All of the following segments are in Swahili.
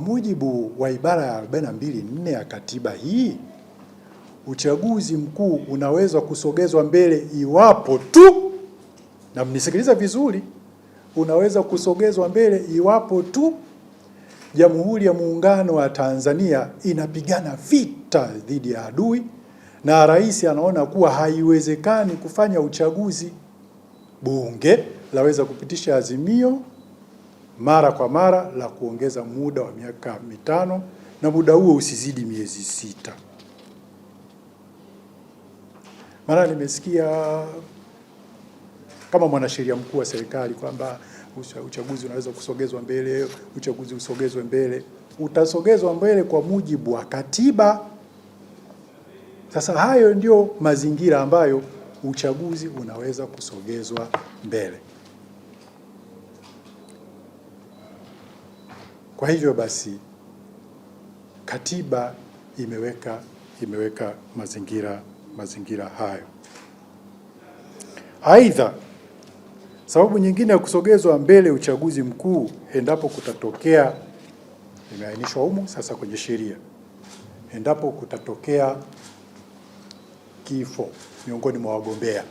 mujibu wa ibara ya 424 ya katiba hii, uchaguzi mkuu unaweza kusogezwa mbele iwapo tu, na mnisikiliza vizuri, unaweza kusogezwa mbele iwapo tu Jamhuri ya Muungano wa Tanzania inapigana vita dhidi ya adui na rais anaona kuwa haiwezekani kufanya uchaguzi. Bunge laweza kupitisha azimio mara kwa mara la kuongeza muda wa miaka mitano na muda huo usizidi miezi sita. Mara nimesikia kama mwanasheria mkuu wa serikali kwamba uchaguzi unaweza kusogezwa mbele, uchaguzi usogezwe mbele. Utasogezwa mbele kwa mujibu wa katiba. Sasa hayo ndio mazingira ambayo uchaguzi unaweza kusogezwa mbele. Kwa hivyo basi katiba imeweka imeweka mazingira mazingira hayo. Aidha, sababu nyingine ya kusogezwa mbele uchaguzi mkuu endapo kutatokea, imeainishwa humo sasa kwenye sheria, endapo kutatokea kifo miongoni mwa wagombea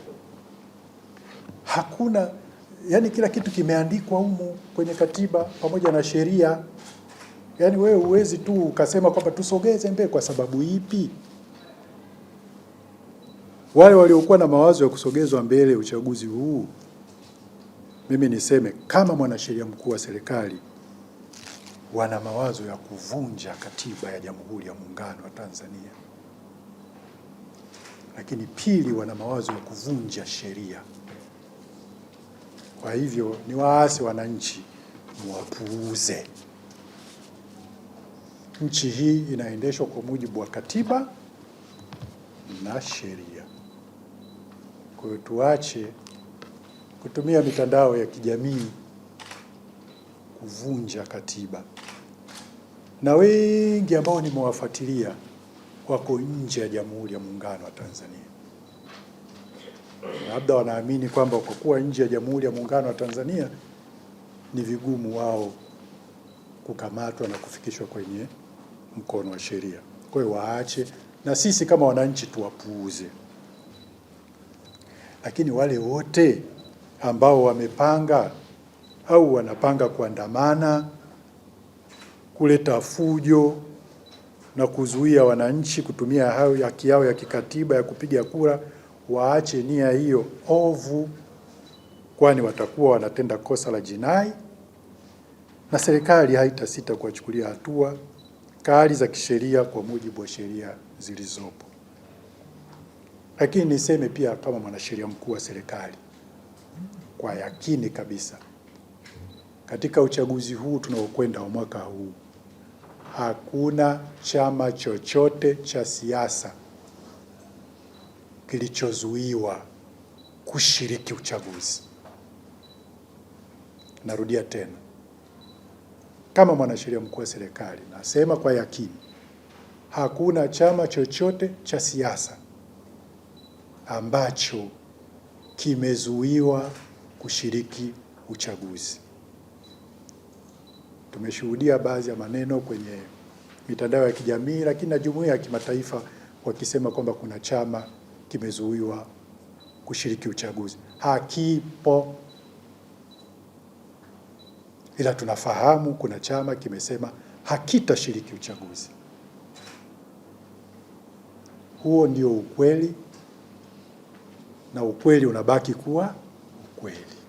hakuna, yani kila kitu kimeandikwa humo kwenye katiba pamoja na sheria. Yaani wewe huwezi tu ukasema kwamba tusogeze mbele. Kwa sababu ipi? Wale waliokuwa na mawazo ya kusogezwa mbele uchaguzi huu, mimi niseme kama mwanasheria mkuu wa serikali, wana mawazo ya kuvunja katiba ya Jamhuri ya Muungano wa Tanzania, lakini pili, wana mawazo ya kuvunja sheria. Kwa hivyo ni waase wananchi, mwapuuze nchi hii inaendeshwa kwa mujibu wa katiba na sheria. Kwa hiyo tuache kutumia mitandao ya kijamii kuvunja katiba, na wengi ambao nimewafuatilia wako nje ya Jamhuri ya Muungano wa Tanzania. Labda wanaamini kwamba kwa kuwa nje ya Jamhuri ya Muungano wa Tanzania ni vigumu wao kukamatwa na kufikishwa kwenye mkono wa sheria. Kwa hiyo waache, na sisi kama wananchi tuwapuuze, lakini wale wote ambao wamepanga au wanapanga kuandamana, kuleta fujo na kuzuia wananchi kutumia haki yao ya kikatiba ya kupiga kura, waache nia hiyo ovu, kwani watakuwa wanatenda kosa la jinai na serikali haitasita kuwachukulia hatua kali za kisheria kwa mujibu wa sheria zilizopo. Lakini niseme pia kama mwanasheria mkuu wa serikali, kwa yakini kabisa, katika uchaguzi huu tunaokwenda wa mwaka huu, hakuna chama chochote cha siasa kilichozuiwa kushiriki uchaguzi. Narudia tena. Kama mwanasheria mkuu wa serikali, nasema kwa yakini, hakuna chama chochote cha siasa ambacho kimezuiwa kushiriki uchaguzi. Tumeshuhudia baadhi ya maneno kwenye mitandao ya kijamii, lakini na jumuiya ya kimataifa wakisema kwamba kuna chama kimezuiwa kushiriki uchaguzi. Hakipo ila tunafahamu kuna chama kimesema hakitashiriki uchaguzi. Huo ndio ukweli na ukweli unabaki kuwa ukweli.